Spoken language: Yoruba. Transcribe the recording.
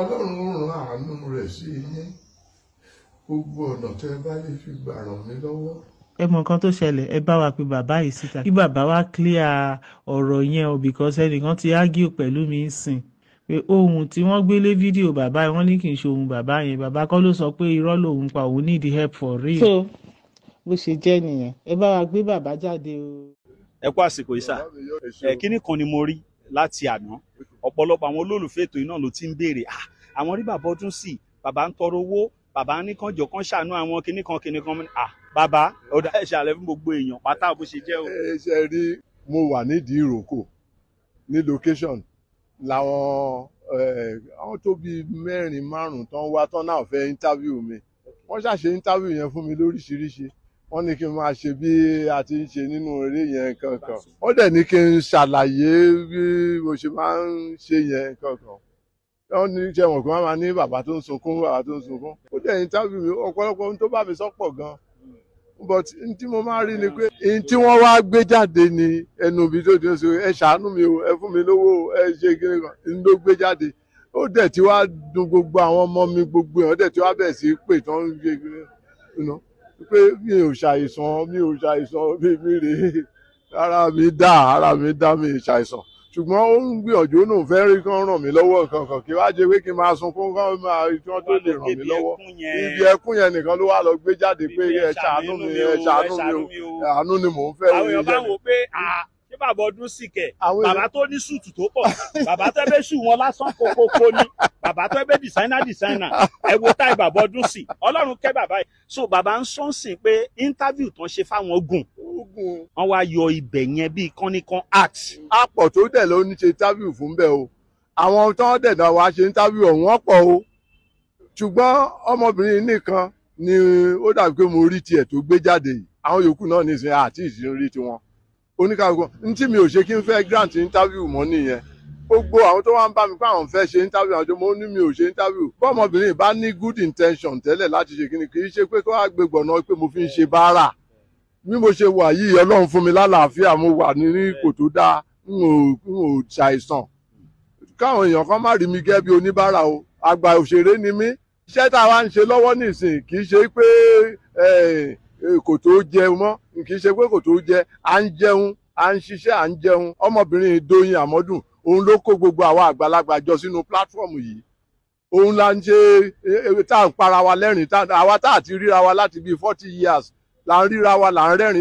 ọlọ́run ó rán àánú rẹ̀ sí yín gbogbo ọ̀nà tẹ́ ẹ bá lè fi gbà ràn mí lọ́wọ́. ẹ mọ nǹkan tó ṣẹlẹ̀ ẹ bá wa pe bàbá yìí síta kí bàbá wa clear ọ̀rọ̀ yẹn o because ẹnìkan ti argue pẹ̀lú mi ń sìn pé ohun tí wọ́n gbélé fídíò bàbá yẹn wọ́n ní kì í ṣe ohun bàbá yẹn bàbá kọ́ ló sọ pé irọ́ lòun pa òun need help for real. so bó ṣe jẹ́ nìyẹn ẹ bá wa gbé bàbá jáde o. ẹ kú àsìkò yìí sà ẹ kíní kan ni mo rí láti àná ọ̀pọ̀lọpọ̀ àwọn olólùfẹ́ ètò iná ló ti ń béèrè ah, àwọn rí bàbá ọdún sí bàbá ń tọrọ owó bàbá ní kànjọ kan ṣàánú àwọn kinní kan kinní kan ah, bàbá ọ̀dà ẹ̀ ṣàlẹ̀ fún gbogbo èèyàn pátá bó ṣe jẹ́ o. ẹ ṣe rí mo wà nídìí ìrókò ní location làwọn àwọn tó bíi mẹ́rin márùn-ún tán wá tán náà fẹ́ interview mi wọ́n ṣàṣe interview yẹn fún mi lóríṣiríṣi wọ́n ní kí n máa ṣe bí a ti ń ṣe nínú eré yẹn kankan wọ́n dẹ̀ ní kí n ṣàlàyé bí mo ṣe máa ń ṣe yẹn kankan wọ́n ní ṣe wọ̀n kí wọ́n máa ní bàbá tó ń sunkún bàbá tó ń sunkún ó dẹ̀ interview mi ọ̀pọ̀lọpọ̀ ohun tó bá mi sọ́pọ̀ gan but n tí mo máa rí ni pé n tí wọ́n wá gbé jáde ni ẹnu ibi tó ti ń sọ ẹ ṣàánú mi o ẹ fún mi lówó ẹ ṣe kíni kan n ló gbé jáde ó dẹ̀ ti wá dùn gbogbo àwọn ọmọ mi gbogbo ẹ̀ ó dẹ̀ ti wá bẹ̀ sí pé tán ń gbé kíni kan pé mi ò ṣàìsàn mi ò ṣàìsàn mi mi rè é ara mi dá ara mi dá mi ṣàìsàn ṣùgbọ́n ó ń gbìyànjú ó náà fẹ́ rí kán ràn mí lọ́wọ́ kankan kí wá jẹ́ pé kí n máa sunkún kán máa kí wọ́n tó lè ràn mí lọ́wọ́ ibi ẹkún yẹn nìkan ló wà lọ gbé jáde pé ẹ ṣàánú mi ẹ ṣàánú mi o àánú ni mò ń fẹ́ òun yẹn. àwọn èèyàn bá wò pé bàbá ọdún sì kẹ̀ bàbá tó ní sùtù tó pọ̀ bàbá tó bẹ́ sùn wọn lásán kókókó ni bàbá tó bẹ́ dìsáínà dìsáínà ẹ wo táì bàbá ọdún sì ọlọ́run kẹ́ bàbá yìí so bàbá ń sọ́n sìn pé íńtábíù tán ṣe fáwọn gùn wọ́n wá yọ ibẹ̀ yẹn bíi kọ́nìkan act. àpọ̀ tó dẹ̀ ló ń ṣe íńtábíù fún bẹ́ẹ̀ o àwọn tó ń dẹ̀dọ̀ wá ṣe íńtábíù ọ̀hún ọ̀pọ̀ o ṣùgbọ́n ọmọbìnrin nìkan ni ó dàbí pé mo rí tiẹ̀ tó gbé jáde yìí àwọn yòókù náà nísìnyí àti ìsinrí tiwọn oníkàwé n tí mi ò ṣe kí n fẹ́ grant interview mọ́ nìyẹn gbogbo àwọn tó wá ń bá mi pé àwọn fẹ́ ṣe interview àwọn tó mọ́ ní mi ò ṣe interview bọ́ọ̀mọbìnrin bá ní good intention tẹ́lẹ̀ láti ṣe kíni kì í ṣe pé kó wá gbé gbọ̀nà pé mo fi ń ṣe báárà bí mo ṣe wà yìí ọlọ́run fún mi lálàáfíà mo wà ní ipò tó dáa n ò ṣàìsàn káwọn èèyàn kan má rí mi gẹ́ bí oníbàárà o àgbà òṣèré ni mí iṣẹ́ tá a wá ń ṣe lọ́wọ́ nísìn kì í ṣe pé kò tó jẹ mọ́ kì í ṣe pé kò tó jẹ à ń jẹun à ń ṣiṣẹ́ à ń jẹun ọmọbìnrin Ìdòyìn Àmọ́dùn òun ló kó gbogbo àwa àgbàlagbà jọ sínú platform yìí òun la ń ṣe tá à ń para wa lẹ́rìn-ín àwa tá à ti ríra wa láti bíi forty years là ń ríra wa là ń rẹ́rìn-ín